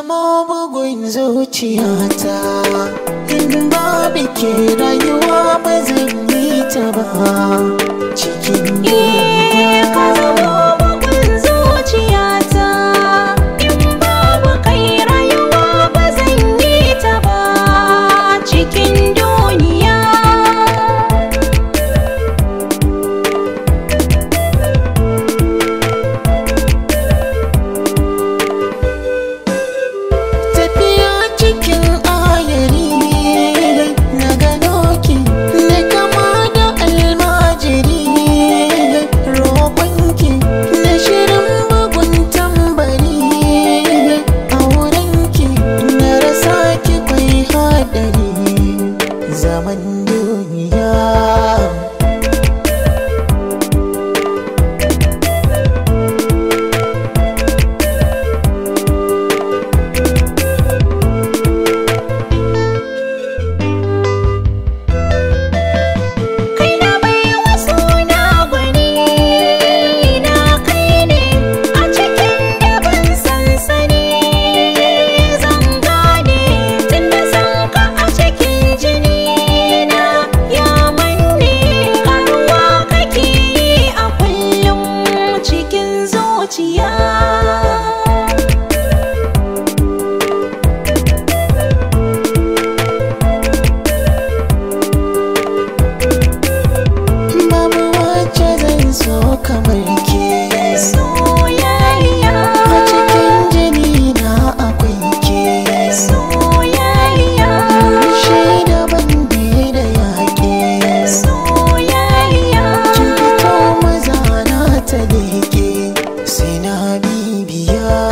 zama bugun zuciyata in babu kira beyond.